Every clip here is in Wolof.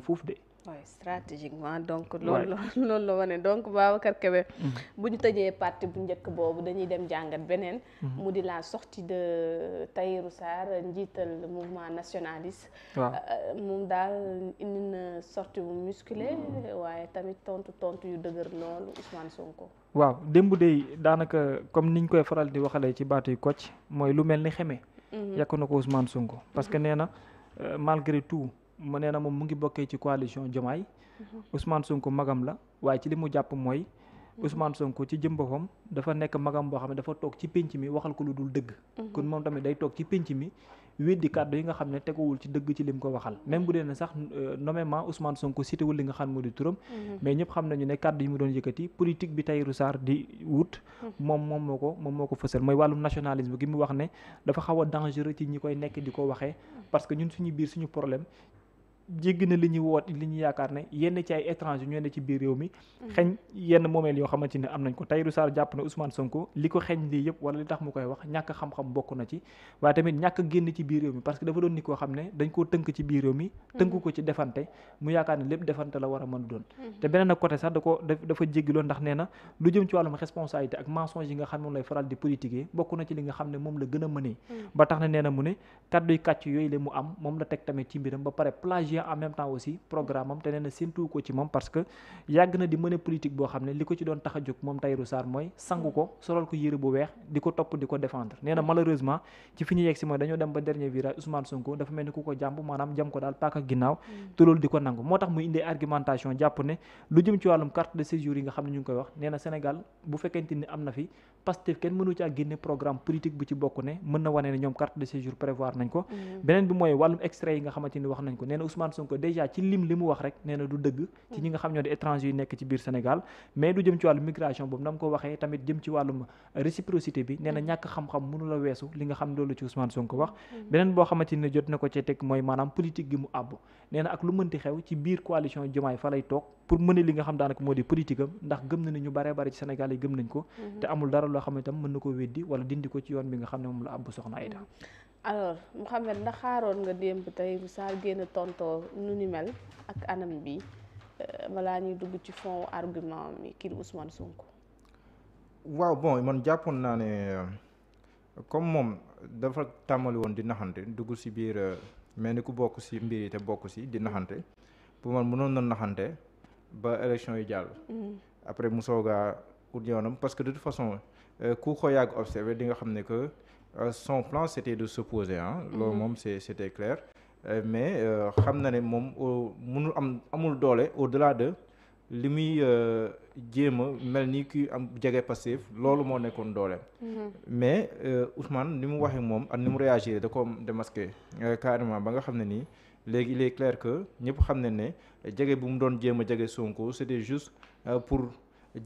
foofu de. waaw stratégiquement donc. loolu loolu la wane donc Babacar Kébé. Mhm. bu ñu tëjee partie bu njëkk boobu dañuy dem jàngat beneen. Mhm. mu di la sortie de Tahirou Sarr njiital mouvement nationaliste. waaw euh, moom daal indi na sortie bu musclée waaye tamit tontu tontu yu dëgër loolu Ousmane Sonko. waaw démb de daanaka comme niñ koy faral di waxalee ci baatu yu koc mooy lu mel ni xeme. Mhm. yàq na ko Ousmane Sonko parce que nee na euh, malgré tout. mu nee na moom mu ngi bokkee ci coalition Diomaye mhm. Ousmane Sonko magam la waaye ci li mu jàpp mooy mhm. Ousmane Sonko ci jëm boppam dafa nekk magam boo xam ne dafa toog ci pénc mi waxal ko lu dul dëgg mhm. kon moom tamit day toog ci pénc mi weddi kàddu yi nga xam ne teguwul ci dëgg ci lim ko waxal même bu dee ne sax euh, nommément Ousmane Sonko cité wul li nga xam ne di turam mais ñëpp xam nañu ne kàddu yi mu doon yëkkati politique bi Tahirou Sarr di wut moom moom moo ko moom moo ko fësal mooy wàllum nationalisme gi mu wax ne dafa xaw a dangereux ci ñi koy nekk di ko waxee parce que ñun suñu biir suñu problème jéggi na li ñuy woot li ñuy yaakaar ne yenn ci ay étranger ñoo ne ci biir réew mi mm. xeñ yenn moomeel am nañ ko Tahirou Sarr jàpp na Ousmane Sonko li ko xeñ lii yëpp wala li tax xam-xam bokk na ci waaye tamit ñàkk doon ni koo mm. ko ci defante mu yaakaar ne lépp defante la war a mën doon mm-hmm. te da ko dafa jéggiloon ndax nee na yi moom lay faral di politiquer moom a mënee mm. ba tax na nee na mu ne kàdduy kàcc yooyu la mu am moom la teg tamit ci mbiram ba pare plage projet en même temps aussi programme te nee na séntu ko ci moom parce que yàgg na di mën a politique boo xam ne li ko ci doon tax a jóg moom Tahirou Sarr mooy sangu ko solal ko yére bu weex di ko topp di ko défendre nee malheureusement ci fi ñu yegg si mooy dañoo dem ba dernier virage Ousmane Sonko dafa mel ni ku ko jàmb maanaam jam ko daal paaka ginnaaw mm. te loolu di ko nangu moo tax muy indee argumentation jàpp ne lu jëm ci wàllum carte de séjour yi fi Pastef kenn mënu caa génne programme politique bu ci bokk ne mën na wane ne ñoom carte de séjour prévoir nañ ko mm. beneen bi mooy wàllum extrait yi nga xamante ni wax nañ ko nee na Ousmane Sonko déjà ci lim li mu wax rek nee du dëgg ci ñi nga xam ñoo di étranger yu nekk ci biir Sénégal mais du jëm ci ko waxee tamit jëm ci wàllum réciprocité bi nee na mm. ñàkk xam-xam mënu la weesu li nga xam loolu ci Ousmane Sonko wax mm. beneen boo xamante ni jot na ko cee teg mooy maanaam politique gi mu àbb nee na ak lu mënti xew ci li nga xam daanaka moo di politique am ndax gëm na ni ñu bare bare ko mm-hmm. loo xam ne itam mën na ko weddi wala dindi ko ci yoon bi nga xam ne moom la ab bu soxna Aida alors Mouhamed ndax xaaroon nga démb tey bu saar génn tonto nu ni mel ak anam bi euh, balaa ñuy dugg ci fond argument mi kii di Ousmane Sonko. waaw bon man jàppoon naa ne euh, comme moom dafa tàmmali woon di naxante dugg si biir euh, mel ni ku bokk si mbir yi te bokk si di naxante pour man mënoon na naxante ba élection yi jàll. Mm-hmm. après mu soog ut yoonam parce de toute façon. Euh, ku ko yàgg observé di nga xam ne que euh, son plan c'était de s'opposer ah loolu moom c'est c'était clair euh, mais xam na ne moom mënul am amul doole au-delà de li muy jéem a mel ni kuy am jege passif loolu moo nekkoon doole mm-hmm. mais Ousmane ni mu waxee moom ak ni mu réagir da ko démasqué carrément ba nga xam ne nii léegi il est clair que ñëpp xam ne ne jege bu mu doon jéem a jege Sonko c'était juste pour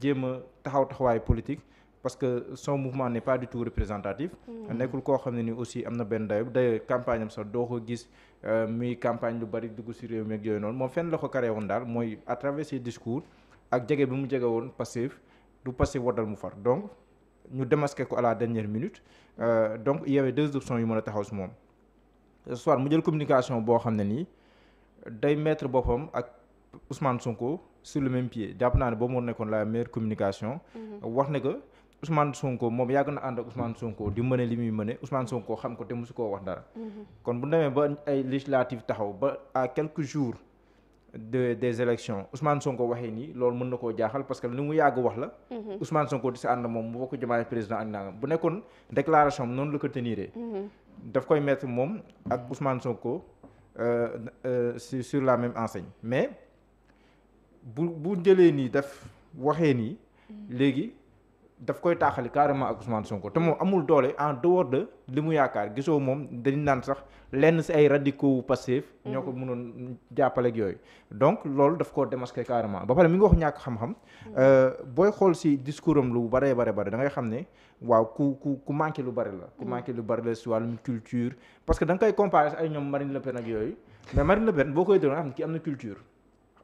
jéem a taxaw taxawaay politique parce que son mouvement n'est pas du tout représentatif. Mm. nekkul koo xam ne nii aussi am na benn dayo dayo campagne am sax doo ko gis euh, muy campagne lu bari dugg ci réew mi yooyu noonu moom fenn la ko carré woon daal mooy à travers ses discours ak jege bi mu jege woon passif du passif dal mu far donc ñu démasqué ko à la dernière minute euh, donc il y avait deux options yu mën a taxaw si moom ce soir mu jël communication boo xam ne nii day mettre boppam ak Ousmane Sonko sur le même pied jàpp naa ne boo moo nekkoon la meilleure communication mm-hmm. Ousmane Sonko moom yàgg na ànd ak Ousmane Sonko di mëne li muy mëne Ousmane Sonko xam ko te mosu koo wax dara. Mhm. kon bu demee ba ay législative taxaw ba à quelques jours de des élections Ousmane Sonko waxee nii loolu mën na koo jaaxal parce que li mu yàgg wax la. Mhm. Ousmane Sonko di si ànd moom bu ko jëmaale président ak nangam bu nekkoon déclaration am noonu la ko teniree. Mhm. daf koy mettre moom ak Ousmane Sonko euh, euh, sur la même enseigne mais bu bu jëlee nii daf waxee daf koy taaxali carrément ak Ousmane Sonko te moom amul doole en dehors li mu yaakaar gisoo moom dañu naan sax lenn si ay radicaux passif ñoo ko mhm. mënoon jàppaleeg yooyu. donc loolu daf koo démasqué carrément ba pare mi ngi wax ñàkk xam-xam. Mhm. Euh, booy xool si discours am lu bare bare bare da ngay xam ne waaw ku ku ku manqué lu bare la. ku mhm. manqué lu bare la si wàllum culture. parce que da nga koy comparé ay ñoom Marine Le Pen ak yooyu mais Marine Le Pen boo koy déglu nga xam ne kii am na culture.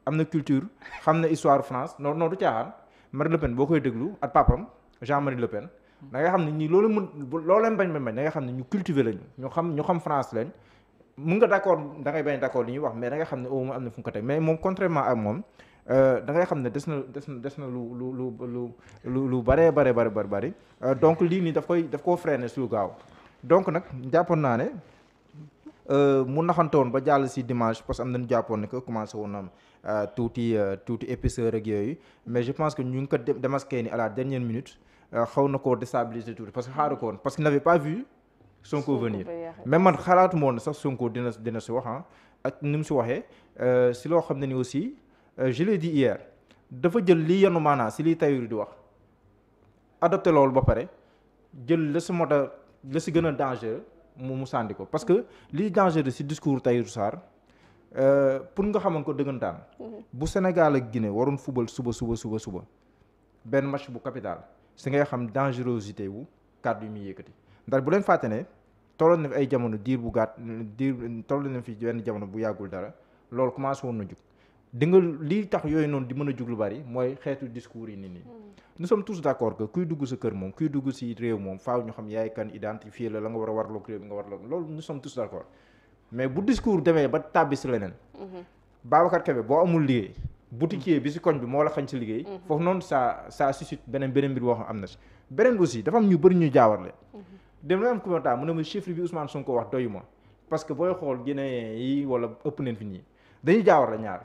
am na culture xam na histoire France non non du caaxaan Marine boo koy déglu ak papam Jean-Marie Le Pen da nga xam ne ñi loolu mun loolu bañ bañ bañ nga xam ne ñu cultivé lañu ñu xam ñu xam France lañ mun nga d' accord da bañ d' li ñuy wax mais da nga xam ne au moins am na fu mu ko teg mais moom moom euh, da xam ne des na des na des na lu lu lu lu lu bare bare bare bare bëri euh, donc lii nii daf koy daf koo freiné su gaaw donc nag jàppoon naa ne euh, mu naxantoon ba jàll si dimanche parce que am nañu jàppoon ne ko commencé woon am tuuti tuuti épaisseur ak yooyu mais je pense que ñu ngi ko démasqué ni à la dernière minute. Euh, xaw na ko déstabiliser tuuti parce que xaaru ko woon parce que n'avait pas vu Sonko venir même man xalaatu ma woon sax Sonko dina dina si wax ah, ak ni mu si waxee euh, si loo xam ne ni aussi euh, je di dit hier dafa jël li yenu maanaa si li Tahirou di wax adopté loolu ba pare jël la si mot la si gën a dangereux mu mu sànni ko parce que li dangereux si discours Tahirou Sarr pour nga xaman ko dëggantaan mhm. bu Sénégal ak Guinée waroon fubal suba suba suba suba benn match bu capital si ngay xam dangerosité wu kàddu yi muy yëkkati ndax bu leen fàtte ne tolloon na fi ay jamono diir bu gàtt diir tolloon na fi benn jamono bu yàggul dara loolu commencé woon na jug di nga lii tax yooyu noonu di mën a jug lu bari mooy xeetu discours yi nit ñi. Hmm. nous sommes tous d' accord que kuy dugg sa kër moom kuy dugg si réew moom faaw ñu xam yaay kan identifier la la nga war a warloog réew bi nga warloog loolu nous sommes tous d' accord mais bu discours demee ba tàbbi si leneen. Hmm. Babacar Kébé boo amul liggéey. boutiquier bi si koñ bi moo la xañ si liggéey mhm. foofu noonu ça ça suscite beneen beneen mbir boo am na si beneen aussi dafa am ñu bëri ñu jaawarle mhm. dem la am commentaire mu ne ma chiffre bi Ousmane Sonko wax doyu ma parce que booy xool guinéen yi wala ëpp neen fi nii dañuy jaawarle ñaar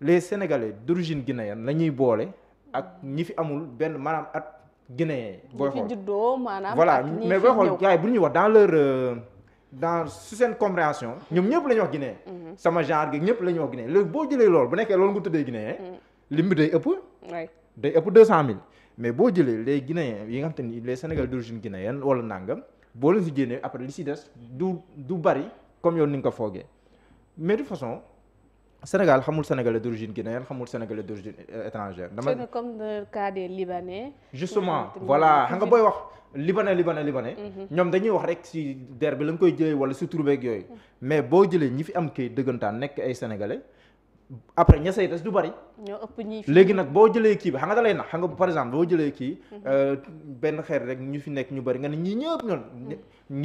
les sénégalais d'origine guinéenne la ñuy boole ak ñi fi amul benn manaam at guinéen yi booy xool voilà mais booy xool bu ñuy wax dans leur euh, dans su seen compréhension ñoom ñëpp la ñu wax Guinée. sama genre gi ñëpp la ñu wax Guinée léegi boo jëlee loolu bu nekkee loolu nga tuddee Guinée. lim bi day ëpp. day ëpp deux cent mille mais boo jëlee les Guinéens yi nga xam te nii les Sénégalais d'origine guinéenne wala nangam boo leen si génnee après li si des du du bari comme yow ni nga ko foogee mais de façon. Sénégal xamul sénégalais d' origine guinéenne xamul sénégalais d' origine euh, étrangère. dama c'est comme le cas des libanais. justement voilà xam nga booy wax libanais libanais libanais. Mhm. ñoom dañuy wax rek si der bi lañ koy jëlee wala si tur beeg yooyu. Mhm. mais boo jëlee ñi fi am kay dëggantaan nekk ay sénégalais. après ña say des du bari. ñoo ëpp ñi fi léegi nag boo jëlee kii bi xam nga da lay nax xam nga par exemple boo jëlee kii. Mhm. Euh, benn xeet rek ñu fi nekk ñu bari nga ne ñii ñëpp ñoom. ngi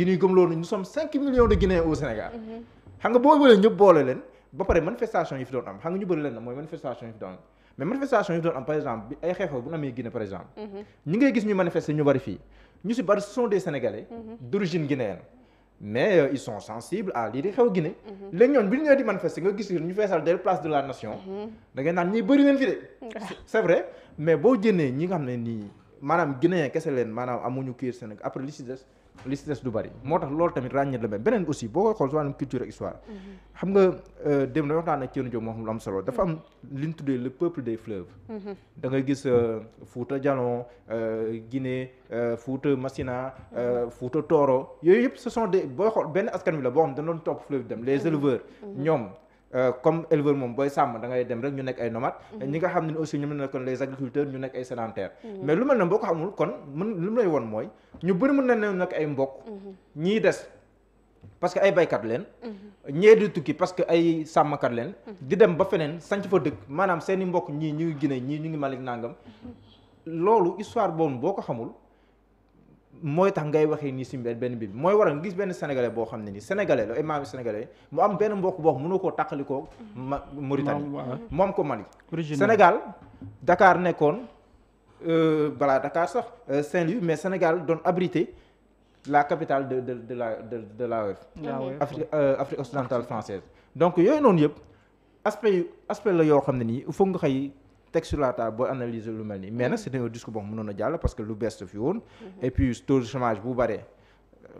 ñuy gëm loolu nous sommes 5 millions de Guinéens au Sénégal. xam ba pare manifestation yi fi doon am xam nga ñu bëri leen mooy manifestation yi fi doon am mais manifestation yi fi doon am par exemple bi ay xeexoo bu ñu amee Guinée par exemple mhm. ñi ngay gis ñu feesal del place de la nation mhm. da naan ñiy bëri leen fi de c'est vrai mais boo jënee ñi nga xam ne nii maanaam guinéen kese leen maanaam amuñu kiir Sénégal li si du bari moo tax loolu tamit ràññeet la mais beneen aussi boo koy xool si wàllum culture histoire mhm. xam nga euh, dem na waxtaan ak Thierno Diop moo xam am solo dafa am li tuddee le peuple des fleuves mhm. da ngay gis euh, Fouta Djalon euh, Guinée Fouta Massina mhm. Fouta Tooro yooyu yëpp ce sont des booy xool benn askan bi la boo xam dañ doon topp fleuve bi dem les éleveurs ñoom Euh, comme éleveur moom booy sàmm da dem rek ñu nekk ay nomades mhm. ñi nga xam ne aussi ñu mën nekkoon les ñu nekk ay sédentaires mhm. mais lu mel ne boo ko xamul kon mën lu mu lay woon mooy ñu bëri mën na ne nag ay mbokk mhm. ñii des parce que ay baykat leen ñee di tukki parce que ay sàmmkat leen di dem ba feneen sanc fa dëkk maanaam seen i mbokk ñii ñu ngi Guinée ñii ñu ngi Mali nangam loolu histoire boobu boo ko xamul mooy tax ngay waxee ni si benn bi mooy waral nga gis benn sénégalais boo xam ne nii sénégalais la imam sénégalais mu am benn mbokk boo xam mënoo koo tàqalikoo ma Mauritanie moom ko Mali Sénégal Dakar nekkoon euh, balaa Dakar sax euh, Saint-Louis mais Sénégal doon abrité la capitale de de de la de de l'AOF Afrique euh, Afrique occidentale française donc yooyu noonu yëpp aspect aspect la yoo xam ne nii foog nga xëy teg sur la lu mel nii mais c'est un discours boo mënoon a jàll parce que lu bees fi woon. Mhm. et puis taux de bu bare.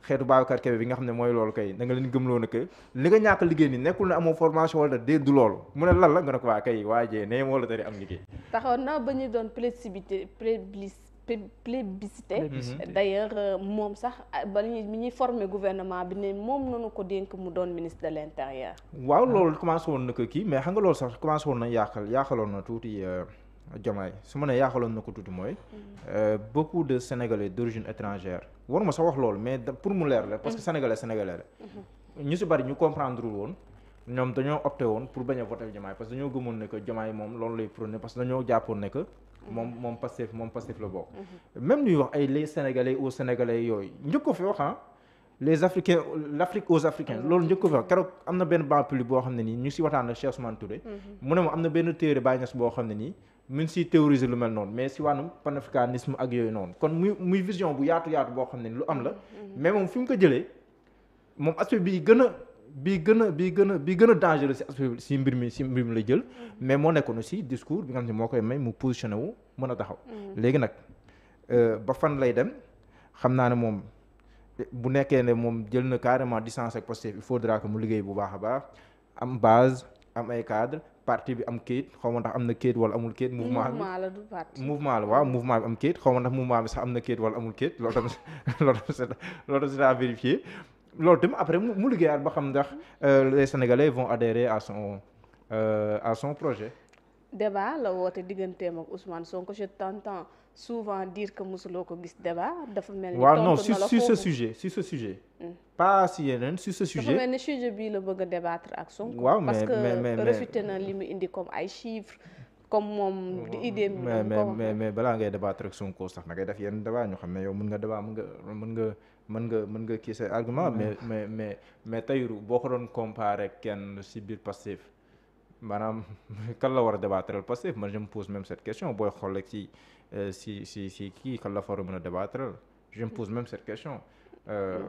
xeetu Babacar Kébé bi nga xam ne mooy loolu kay da leen gëmloo na kay li nga ñàkk liggéey ni nekkul ne amoo formation wala dee du loolu mu ne lan la nga ne ko waa kay waa jee nee moo la tari am liggéey. taxaw na ba ñu doon plébiscité plébiscité euh, d'ailleurs euh, moom sax ah, ba ñuy mi ñuy former gouvernement bi ne moom noonu ko dénk mu doon ministre de l'intérieur waaw loolu commencé woon na ko kii mais xam nga loolu sax commencé woon na yaaxal yaaxaloon na tuuti euh, Diomaye su ma nee ko tuuti mooy mm-hmm. beaucoup de sénégalais d'origine étrangère war ma sax wax loolu mais pour mu leer la parce que mm-hmm. sénégalais sénégalais la mm-hmm. ñu si bari ñu comprendre woon ñoom dañoo opté woon pour bañ a voter Diomaye parce que dañoo gëmoon ne que moom loolu lay prôné parce moom mhm. moom Pastef moom Pastef la bokk. Mhm. même ñuy wax ay les sénégalais aux sénégalais yooyu njëkk ko fi wax ah. les africains l' Afrique aux africains mhm. loolu njëkk fi wax keroog am na benn banc public boo xam ne nii ñu si waxtaan ak Cheikh mu ne ma am na benn téere Baye Niass boo xam ne nii. mun si théoriser lu mel noonu mais si wàllum panafricanisme ak yooyu noonu kon muy muy vision bu yaatu yaatu boo xam ne lu am la. mais moom fi ko jëlee moom aspect a bi gën a bi gën bi gën a dangereux si aspect si mbir mi si mbir mi la jël mm-hmm. mais moo nekkoon si discours bi nga xam ne moo koy may mu positionné wu mën a taxaw mm-hmm. léegi nag euh, ba fan lay dem xam naa ne moom bu nekkee ne moom jël na carrément distance ak Pastef il faudra que mu liggéey bu baax a baax am base am ay cadre parti bi am kayit xaw ma ndax am na kayit wala amul kayit mouvement bi mouvement la waaw mouvement bi am kayit xaw ma ndax mouvement bi sax am na kayit wala amul kayit loolu tam loolu loolu tam après mu liggéeyaat ba xam ndax euh, les sénégalais vont a son euh, son projet. débat la woote digganteem ak Ousmane Sonko je t'entends souvent dire que mosuloo ko gis débat dafa mel ni. waaw non sur sur ce sujet sur ce sujet. Hmm. pas si yeneen sur ce sujet. dafa bii la bëgg a ak Sonko. waaw mais mais parce que refuté na li mu indi comme ay chiffres. comme moom di idée mi. mais mais mais balaa ngay débattre ak Sonko sax na ngay def yenn débat ñu xam ne yow mun nga débat mën nga mën nga. mën nga mën nga kii say argument mais mais mais mais Tahirou boo ko doon comparé kenn si biir Pastef maanaam kan la war a débattre Pastef man je me pose même cette question booy xool rek si euh, si si si kii kan la fa war a mën a débattre je me pose même cette question euh,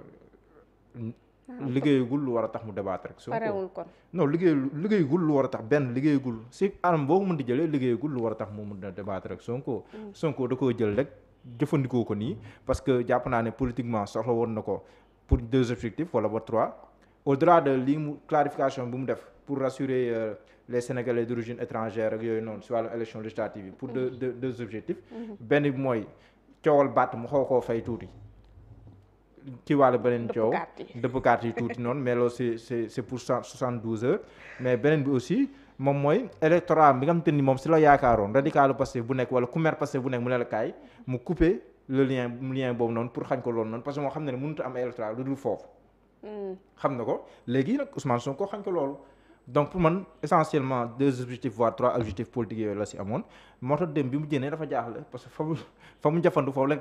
liggéeyagul lu war a tax mu débattre rek parewul kon non liggéey liggéeyagul lu war a tax benn liggéeyagul si anam boo ko mën di jëlee liggéeyagul lu war a tax mu mën a débattre rek Sonko mm. Sonko da koo jël rek jëfandikoo ko nii parce que jàpp naa ne politiquement soxla woon na ko pour deux objectifs wala ba trois au-delà de lii mu clarification bu mu def pour rassurer euh, les sénégalais d'origine étrangère ak yooyu noonu si wàllu élection législative yi pour deux mm-hmm. deux deux objectifs mm-hmm. benn bi mooy coowal batt mu xaw koo fay tuuti ci wàllu beneen coow dëppkaat yi tuuti noonu mais loolu c'est c'est pour soixante-douze heures mais beneen bi aussi moom mooy électorat bi nga xamante ni moom si la yaakaaroon radicalu Pastef bu nekk wala nekk mu ne la kaay mu couper le lien lien boobu noonu pour xañ xam ne ne mënut am électorat lu dul foofu. Hmm. xam na loolu. donc man essentiellement deux objectifs voire trois objectifs politiques yooyu la si amoon moo tax dem bi mu génnee dafa jaaxle parce que fa mu fa mu jafandu foofu lañ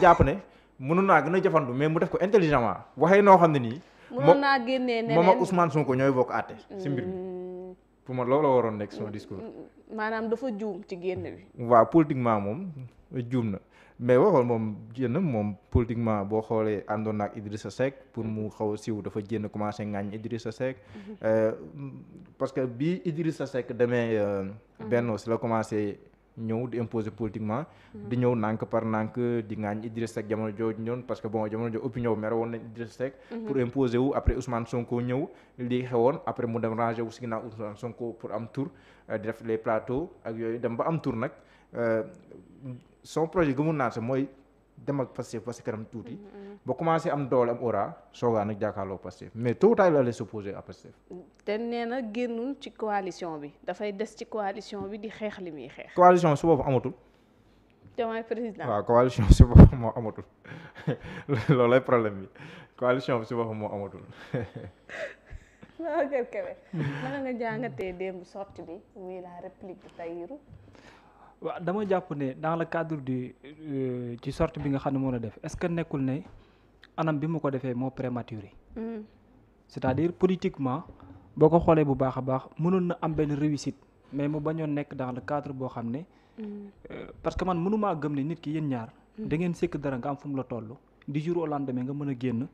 jàpp ne mënu naa gën a jafandu mais mu def ko intelligemment waxee noo xam ne nii. mënu naa génnee neneen moom ak Ousmane Sonko ñooy bokk àtte si mbir mi. Hmm. pour man loolu la waroon nekk sama discours. maanaam dafa juum ci génn bi. waaw politiquement moom juum na mais waxoon moom génn moom politiquement boo xoolee àndoon na ak Idrissa Seck pour mu mhm. xaw siw dafa génn commencé ŋaañ Idrissa Seck. Mhm. Euh, parce que bi Idrissa Seck demee. Euh, mhm. Benno si la commencé. ñëw di imposer politiquement. Mm-hmm. di ñëw nànk par nànk di ngaañ Idriss Seck jamono jooju ñoon parce que bon jamono jooju opinion bi mer woon nañ Idriss Seck. Mm-hmm. pour imposer wu après Ousmane Sonko ñëw lii xewoon après mu dem ranger wu si ginnaaw Ousmane Sonko pour am tour euh, di def les plateaux ak yooyu dem ba am tour nag euh, son projet gëmul naa sax mooy. dem ak Pastef ba si kanam tuuti. Mm-hmm, mm-hmm. ba commencé am doole am aura soogaa nag jàkkaarloo Pastef mais tôt ou tard la lay s'opposer à te nee na génnul ci coalition bi dafay des ci coalition bi di xeex li muy xeex. coalition su boobu amatul. Diomaye président moo amatul loolay problème bi coalition bi su boobu moo amatul. waaw kër kër nga jàngatee démb sortie bi muy la réplique de waaw dama jàpp ne dans le cadre du euh, ci sorte bi nga xam ne moo la def est que nekkul ne anam bi mu ko defee moo prématuré. Mm. c'est-à-dire politiquement boo ko xoolee bu baax a baax mënoon na am benn réussite mais mu bañoon nekk dans le cadre boo xam ne. Mm. Euh, parce que man mënumaa gëm ne nit ki yéen ñaar. Mm. da ngeen sekk dara nga am fu mu la toll. di jour au nga mën a génn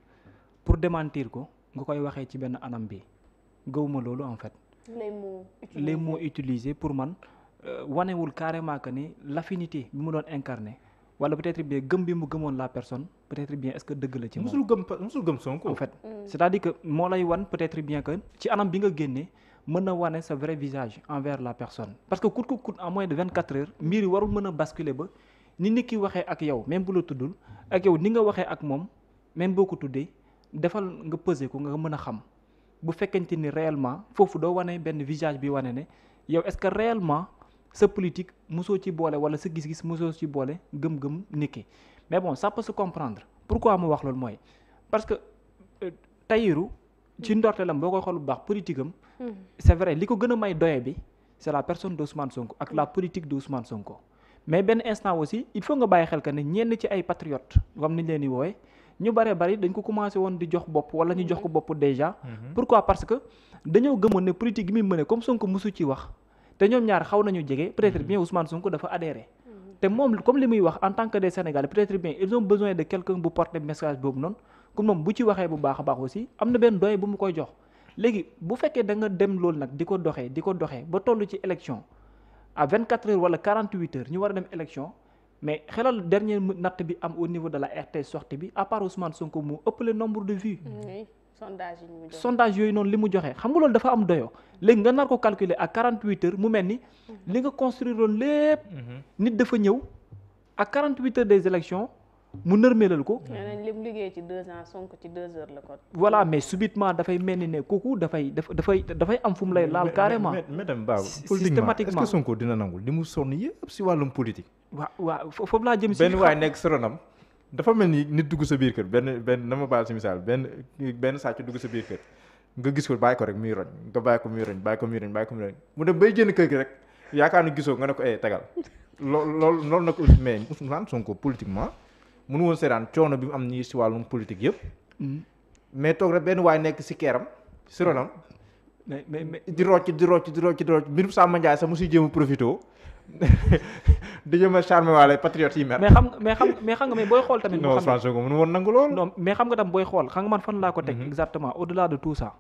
pour demantir ko nga koy waxee ci benn anam bi gëwuma loolu en fait. les mots utilisés pour man. Euh, wanewul carrément que ni lafinité bi mu doon incarné wala peut-être bien gëm bi mu gëmoon la personne peut-être bien est-ce que dëgg la ci moom. musul gëm musul gëm Sonko en fait mm. c'est-à-dire que moo lay wan peut-être bien que ci anam bi nga génnee mën na wane sa vrai visage envers la personne. parce que coûte que coûte en moins de vingt quatre heures mbir yi warul mën a basculer ba ni ni ki waxee ak yow même bu tuddul ak yow ni nga waxee ak moom même boo ko tuddee defal nga peser ko nga mën a xam bu fekkente ni réellement foofu doo wane benn visage bi wane ne yow ce que réellement. sa politique mosoo ci boole wala sa gis-gis mosoo ci boole gëm-gëm niki mais bon ça peut se comprendre pourquoi mu wax loolu mooy parce que euh, Tahirou ci mm. ndorteelam boo koy xool bu baax politique am. Mm. c'est vrai li ko gën a may doye bi c'est la personne d'Ousmane Sonko ak la mm. politique d'Ousmane Sonko. mais benn instant aussi il faut nga bàyyi xel que ne ñenn ci ay patriotes comme niñ leen di woowe ñu bare bari dañ ko commencé woon di jox bopp wala ñu jox ko bopp déjà. Mm-hmm. pourquoi parce que dañoo gëmoon ne politique bi muy mëne comme te ñoom ñaar xaw nañu jege peut-être mm-hmm. bien Ousmane Sonko dafa adhéré. Mm-hmm. te moom comme li muy wax en tant que des Sénégalais peut-être bien ils ont besoin de quelqu'un bu porter message boobu noonu kon moom bu ci waxee bu baax a baax aussi am na benn doy bu mu koy jox. léegi bu fekkee da nga dem loolu nag di ko doxee di ko doxee ba toll ci élection vingt 24 heures wala 48 heures ñu war a dem élection mais xelal dernier natt bi am au niveau de la RTS sortie bi à part Ousmane Sonko moo ëppale nombre de sondage yi ñu joxe sondage yooyu noonu li mu joxe xam nga loolu dafa am doyo léegi nga nar ko calculer à 48 heures mu mel ni mhm. li nga construire loon lépp. Mhm. nit mu nërmeelal ko. li mu ci deux ans Sonko ci deux heures la ko. voilà mais subitement dafay mel ni ne kooku dafay dafay dafay am fu mu lay laal carrément. madame Ba systématiquement est-ce que Sonko dina nangul li mu sonn yëpp si wàllum politique. waaw waaw foofu laa jëm si. benn waay nekk soronam dafa mel ni nit dugg sa biir kër benn benn na ma baal si misaal benn benn sàcc dugg sa biir kër nga gis ko bàyyi ko rek muy roñ nga bàyyi ko muy roñ bàyyi ko muy roñ bàyyi ko muy roñ mu gi rek yaakaar na gisoo nga ne ko eh tegal lool lool loolu mais Ousmane Sonko politiquement mënu woon seetaan coono bi mu am nii si wàllum politique yëpp mm. mais toog rek benn waay nekk si keeram si ronam mais mais di rocc di rocc di rocc di rocc mbirum sa Ndiaye sax mu si jéem a di jëm a charme waale patriote yi mer. mais xam mais xam mais xam nga mais booy xool tamit. non Ousmane Sonko mënu woon nangu lool. non mais xam nga tam booy xool xam nga man fan laa ko teg. Mhm. exactement au delà de tout ça.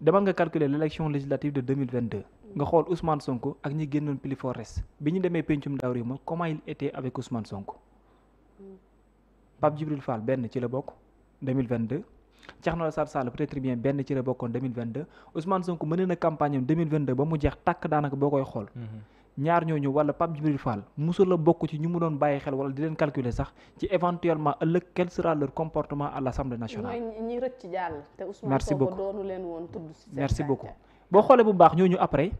demal nga calculer l' élection législative de deux mille vingt deux nga xool Ousmane Sonko ak ñi génnoon Pili Forest bi ñu demee pencum ndaw réew comment il était avec Ousmane Sonko. Pape Djibril Fall benn ci la bokk deux mille vingt deux. Thierno Alassane Sall peut-être bien benn ci la bokkoon 2022 Ousmane Sonko mënee boo koy xool. Mhm. ñaar ñooñu wala Pape Djibril Fall musul bokk ci ñu mu doon bàyyi xel wala di leen calculer sax ci éventuellement ëllëg quel sera leur comportement à l' assemblée nationale. ñi rëcc jàll. te Ousmane Sonko doonu leen woon tudd ci merci beaucoup boo xoolee bu baax ñooñu après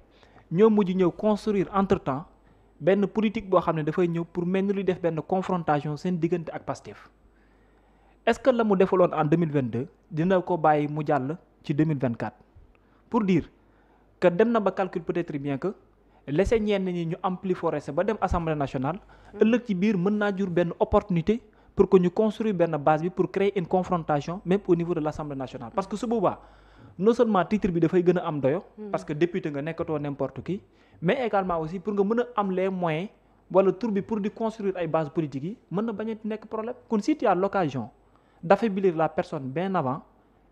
ñoo mujj ñëw construire entre temps benn politique boo xam ne dafay ñëw pour mel ni luy def benn confrontation seen diggante ak Pastef est ce que la mu defaloon en 2022 dina ko bàyyi mu jàll ci 2024 pour diir que dem na ba calcul peut être bien que. laisser ñenn ñi ñu amplifier sa ba dem assemblée nationale. ëllëg ci biir mën naa jur benn opportunité pour que ñu construire benn base bi pour créer une confrontation même au niveau de l' assemblée nationale. parce que su boobaa non seulement titre bi dafay gën a am doyo. Hmm. parce que député nga nekkatoo n' importe qui. mais également aussi pour nga mën a am les moyens wala tour bi pour di construire ay bases politiques yi mën na bañ a nekk problème kon si tu as l' occasion d' affaiblir la personne bien avant.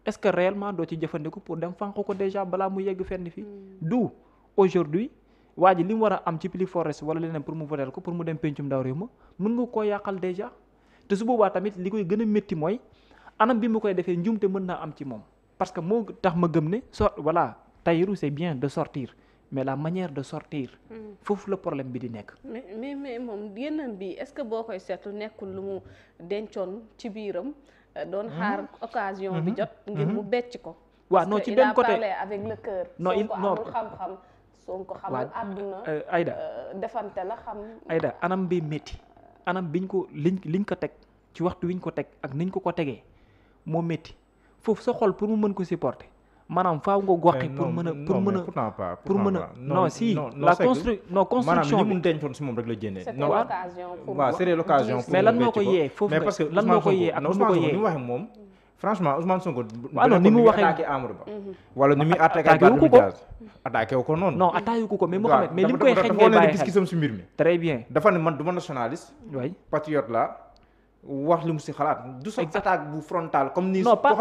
est-ce que réellement doo ci jëfandiku pour dem fànq ko déjà balaa mu yegg fenn fii. Hmm. waa ji li mu war a am ci plus fort wala leneen pour mu voter ko pour mu dem pencum ndaw réew ma mën nga koo yàqal déjà te su boobaa tamit li koy gën a métti mooy anam bi mu koy defee njumte mën naa am ci moom parce que moo tax ma gëm ne sort voilà Tahirou c'est bien de sortir mais la manière de sortir. Mm. foofu la problème bi di nekk. mais mais mais moom génnam bi est-ce que boo koy seetlu nekkul lu mu dencoon ci biiram. Euh, doon hmm. xaar occasion bi hmm. jot. ngir mu hmm. becc ko. waa non ci benn côté parce que a parlé avec le cœur. Sonko xamal àdduna euh, Aïda euh, defante la xam Aïda anam bi métti anam biñ ko liñ liñ ko teg ci waxtu wiñ ko teg ak niñ ko ko tegee moo métti foofu sa xol pour mu mën ko supporter maanaam faaw nga goxi pour mën a pour mën a pour mën a non si la constru non construction bi dencoon si moom rek la génnee mais lan moo ko yee foofu lan moo ko yee ak nu mu ko yee moom franchement Ousmane Sonko. waaw ah non ni mu waxee attaqué Amadou Ba. Mhm. wala ni muy attaqué wu ko ko ko noonu. non attaqué wu ko ko mais Mouhamed mais li mu koy xeeñ ngay bàyyi la wax si xalaat. du sax attaque bu frontal ni. non pas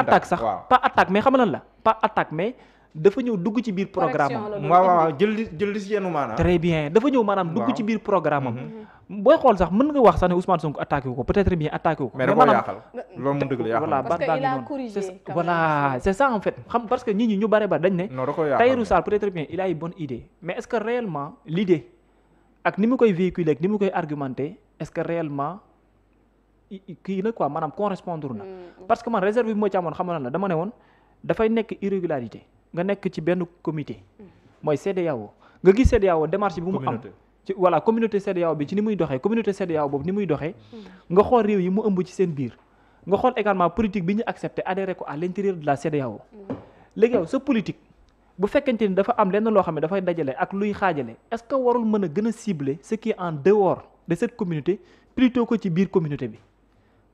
attaque sax pas attaque mais xam la pas attaque mais. dafa ñëw dugg ci biir programme am waaw waaw jël jël li si yenn très bien dafa ñëw maanaam dugg ci biir programme am mhm. mm-hmm. booy xool sax mën nga wax sax ne Ousmane Sonko attaqué wu ko peut-être bien attaqué wu ko mais da koo parce que il ñi ñu bare bare a une bonne idée mais est-ce que réellement ak ni mu koy véhiculer ni mu koy argumenter est-ce que réellement kii na quoi maanaam correspondre na mm-hmm. parce que man réserve bi moo ci amoon xamal na dama ne woon dafay nekk irrégularité nga nekk ci benn comité mm. mooy CEDEAO nga gis CEDEAO démarche bi mu am ci voilà communauté CEDEAO bi ci ni muy doxee communauté CEDEAO boobu ni muy doxee mm. nga xool réew yi mu ëmb ci seen biir nga xool également politique bi ñu accepté adhéré ko à l'intérieur de la CEDEAO mm. léegi yow sa politique bu fekkente ni dafa am lenn loo xam ne dafay dajale ak luy xaajale est-ce que warul mën a gën a cibler ce qui en dehors de cette communauté plutôt que ci biir communauté bi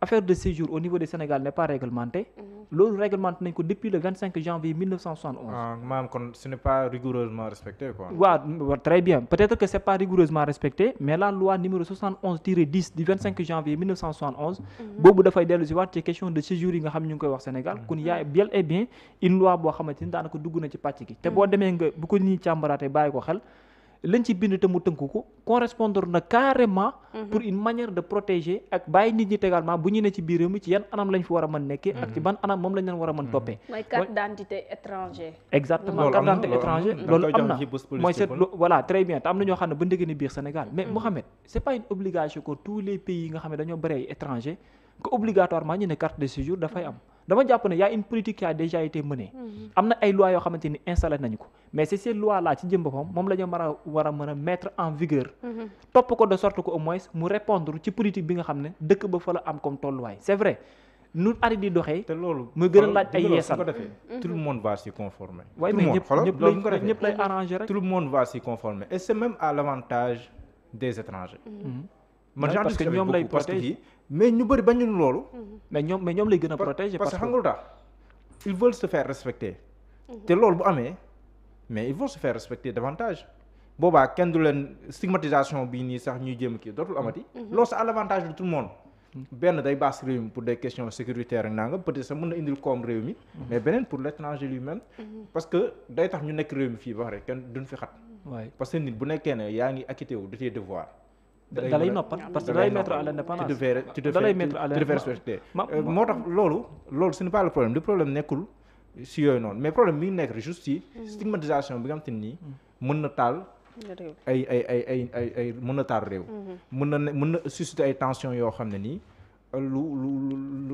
affaire de séjour au niveau du Sénégal n'est pas réglementée. Mhm. loolu réglementé nañ ko depuis le vingt janvier mille neuf cent soixante onze. Ah, maanaam kon ce n'est pas rigoureusement respecté quoi. waaw mhm. mhm. bien et bien une loi boo xamante daanaka dugg na ci pàcc gi. te boo demee nga bu ko ñuy càmbaraatee bàyyi ko xel. lañ ci bind te mu tënk ko correspondre na carrément. Mhm. pour une manière de protéger ak bàyyi nit ñi également bu ñu ne ci biir réew mi ci yan anam lañ fi war a nekkee. ak ci mhm. ban anam moom lañ leen war a mën mhm. toppee. mooy carte d'identité étranger. exactement carte d'identité étranger loolu am na mooy seet voilà très bien te am na ñoo xam ne ba ndege ni biir Sénégal mais Mohamed c'est pas une obligation que tous les pays yi nga xam ne dañoo bëri ay étranger que obligatoirement am. dama jàpp ne y a une politique qui a déjà été menée. Mm-hmm. am na ay lois yoo xamante ni installé nañu ko mais c'est ces lois là ci jëm boppam moom la ñu war a war a mën a mettre en vigueur. Mm-hmm. topp ko de sorte que au mu répondre ci politique bi nga xam ne dëkk ba fa la am comme tolluwaay c'est vrai. nu ari di doxee. te loolu mu gën a laaj ay yeesal mm-hmm. tout le monde va s'y conformer. tout le lay arranger rek. tout le monde va et c'est même à l'avantage des étrangers. mais ñu bëri bañu loolu. Mhm. mais ñoom mais ñoom lay gën a protéger. parce que xam nga lu tax ils veulent se faire respecter. Mhm. te loolu bu amee mais ils vont se faire respecter davantage. boobaa kenn du leen stigmatisation bii nii sax ñuy jéem kii dootul amati. Mhm. loolu c'est à l'avantage de tout le monde. benn day baax réew mi pour des questions sécuritaires ak nangam peut-être sax mën na indil koom réew mi. mais beneen pour l'étranger lui-même. parce que day tax ñu nekk réew mi fii ba pare kenn duñ fi xat. parce que nit bu nekkee ne yaa ngi acquitté wu de da lay noppal parce que da lay mettre à l'indépendance da lay mettre à l'indépendance euh, moo tax loolu loolu ce n'est pas le problème le problème nekkul si yooyu noonu mais problème bi nekk juste mm. stigmatisation bi nga nii mm. mën na taal ay ay ay ay ay na taal réew mm-hmm. mën na ne ay tension yoo xam ne nii lu lu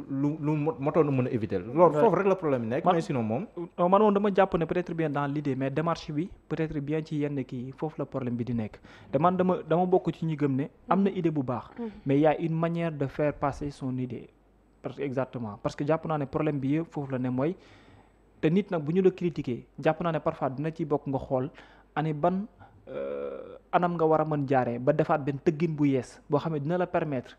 lu lu motoon mën a éviter loolu foofu rek la problème bi nekk moom non man moom dama jàpp ne peut-être bien dans l'idée mais démarche bi peut-être bien ci yenn kii foofu la problème bi di nekk te dama dama bokk ci ñi gëm ne am na mm-hmm. idée bu baax mm-hmm. mais y a une manière de faire passer son idée parce que parce que jàpp naa ne problème bi yëpp foofu la ne mooy te nit nag bu ñu la critiquer jàpp naa ne parfois dina ci bokk nga xool ani ban euh, anam nga war a mën jaaree ba defaat benn tëggin bu yees boo xam dina la permettre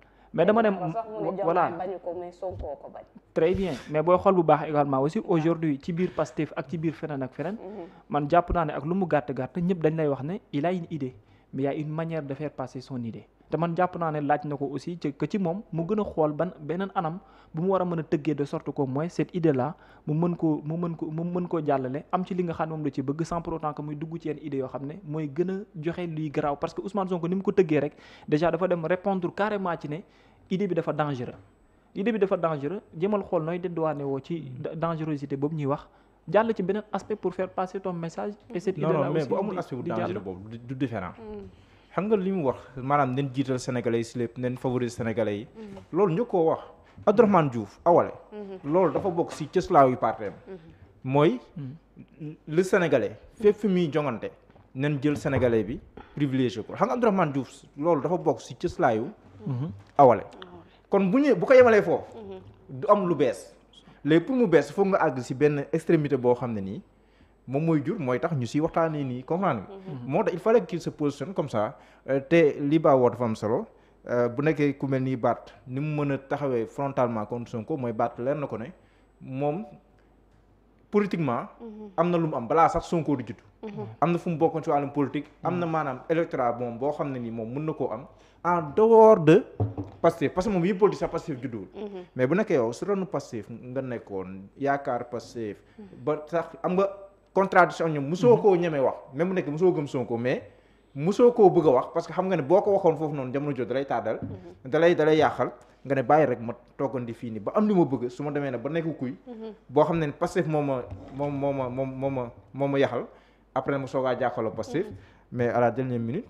mais dama dem voilà très bien mais booy xool bu baax également aussi aujourd'hui ci biir Pastef ak ci biir feneen ak feneen mhm. man jàpp naa ne ak lu mu gàtt gàtt ñëpp dañ lay wax ne il a idée mais il une manière de faire passer son idée te man jàpp naa ne laaj na ko aussi ci que moom mu gën xool ban beneen anam bu mu war a mën a tëggee de sorte que mooy cette idée là mu mën ko mu mën ko koo jàllale am ci li nga xam ne moom la bëgg sans pour muy dugg ci yenn idée yoo xam mooy gën a joxe luy garaaw parce que Ousmane Sonko ni mu ko tëggee rek déjà dafa dem répondre carrément ci ne idée bi dafa dangereux idée bi dafa dangereux jëmal xool nooy dédouané woo ci dangerosité boobu ñuy wax jàll ci beneen aspect pour faire passer ton message. et cette idée là aussi non non mm. xam nga li mu wax maanaam nañ jiital sénégalais yi si lépp nañ favoriser sénégalais yi. Mhm. loolu ñu ko wax Abdourahmane Diouf awale. Mhm. loolu dafa bokk si cëslaayu parteem mhm. mooy le fépp fi muy jongante nañ jël sénégalais bi privilégié ko loolu dafa bokk si cëslaayu. awale kon bu ñu bu ko yemalee foofu. du am lu bees. léegi pour mu bees foofu nga àgg si benn extrémité boo xam ne nii. moom mooy jur mooy tax ñu siy waxtaanee nii comprendre nga. Mhm. Mhm. moo tax il comme ça euh, te lii baa woo dafa am solo euh, bu nekkee ku mel ni baat ni mu mën a taxawee frontalement contre Sonko mooy baat leer na ko ne moom politiquement. Mhm. am na lu mu am balaa sax Sonko du juddu. am na fu mu bokkoon ci wàllum politique am na maanaam électorat moom boo xam ne nii moom mën na koo am en de Pastef parce que moom yëpp politique sax Pastef judduwul mais bu nekkee yow su ronu Pastef nga nekkoon yaakaar contradiction ñoom mosoo mhm. koo ñeme wax même mu nekk mosoo gëm Sonko mais soo koo bëgg a wax parce que xam nga ne boo ko waxoon foofu noonu jamono jooju dalay tàddal mhm. dalay dalay yàqal nga ne bàyyi rek ma di fii nii ba am li ma bëgg su ma demee ne ba nekk kuy mhm. boo xam ne ne Pastef moo ma moom moo ma moom moo ma moo ma yaxal après ma soogaa jàkkaarloo Pastef mais à la dernière minute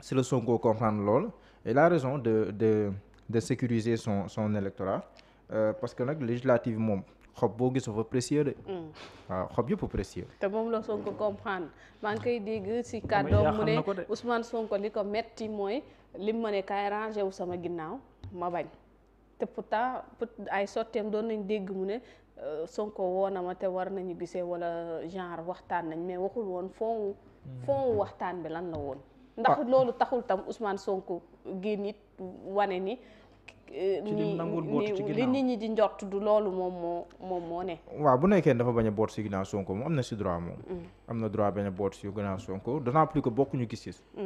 si la Sonko comprendre lool il a raison de de de sécuriser son son électorat euh, parce que nag législative moom xob boo gisoo fa précieux de. Mm. waaw xob yëpp précieux. te moom la Sonko comprendre maa ngi koy dégg si kàddoom mu ne Ousmane sonk li ko metti mooy lim ma ne kaay rangé wu sama ginnaaw ma bañ te pourtant ay sotteem doon nañ dégg mu ne. Euh, Sonko woo na ma te war nañu gisee wala genre waxtaan nañ mais waxul woon fond mm. fond waxtaan bi lan la woon. ndax ah. loolu taxul tam Ousmane Sonko génn it wane ni li nit ñi di njort du loolu moom moo moo ne waaw bu nekkee dafa bañ a boot si ginnaaw Sonko moom am na si droit moom mm. am na droit bañ a boot si ginnaaw Sonko d'autant plus que bokkuñu gis-gis mm.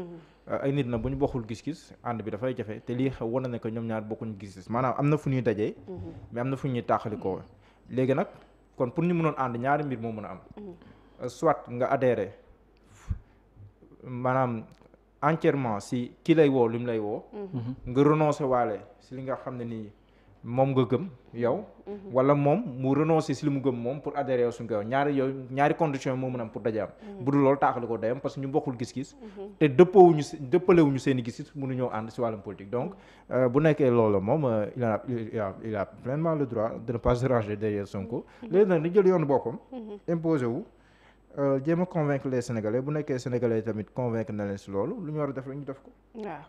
euh, ay nit na bu ñu bokkul gis-gis ànd bi dafay jafe te lii xew wane na que ñoom ñaar bokkuñu gis-gis maanaam am na fu ñuy dajee mm-hmm. mais am na fu ñuy tàqalikoo mm-hmm. léegi nag kon pour ñu mënoon ànd ñaari mbir moo mën a am mm-hmm. euh, soit nga adhéré maanaam entièrement si ki lay woo li mu lay woo. Mhm. Mhm. nga renoncer waale si li nga xam ne nii moom nga gëm yow. Mhm. wala moom mu renoncer si li mu gëm moom pour adhérer suñu ko ñaari yooyu ñaari condition moo mën am pour daje am. bu dul loolu taaxal ko dayam parce que ñu bokkul gis-gis. te dëppoowuñu dëppalewuñu seen i gis-gis mënuñoo ànd si wàllum politique donc euh, bu nekkee loolu moom euh, il a il a il a pleinement le droit de ne pas se ranger derrière Sonko. léegi nag ni jël yoonu boppam. imposé wu. Euh, jéem a convaincre les sénégalais bu nekkee sénégalais tamit convaincre na leen si loolu lu ñu war a def rek ñu def ko. waaw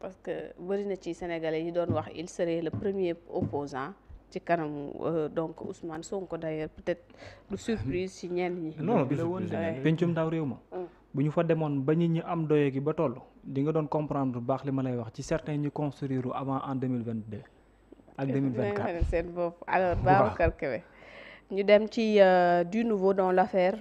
parce que bëri na ci sénégalais yi doon wax il serait le premier opposant ci kanam euh, donc Ousmane Sonko d'ailleurs peut-être du surprise ci ñenn ñi. non du surprise pencum daw réew ma. Mm. bu ñu fa demoon ba nit ñi am doye gi ba toll di nga doon comprendre bu baax li ma lay wax ci certains ñu construire avant en deux mille vingt deux ak deux mille vingt ci euh, du nouveau dans l'affaire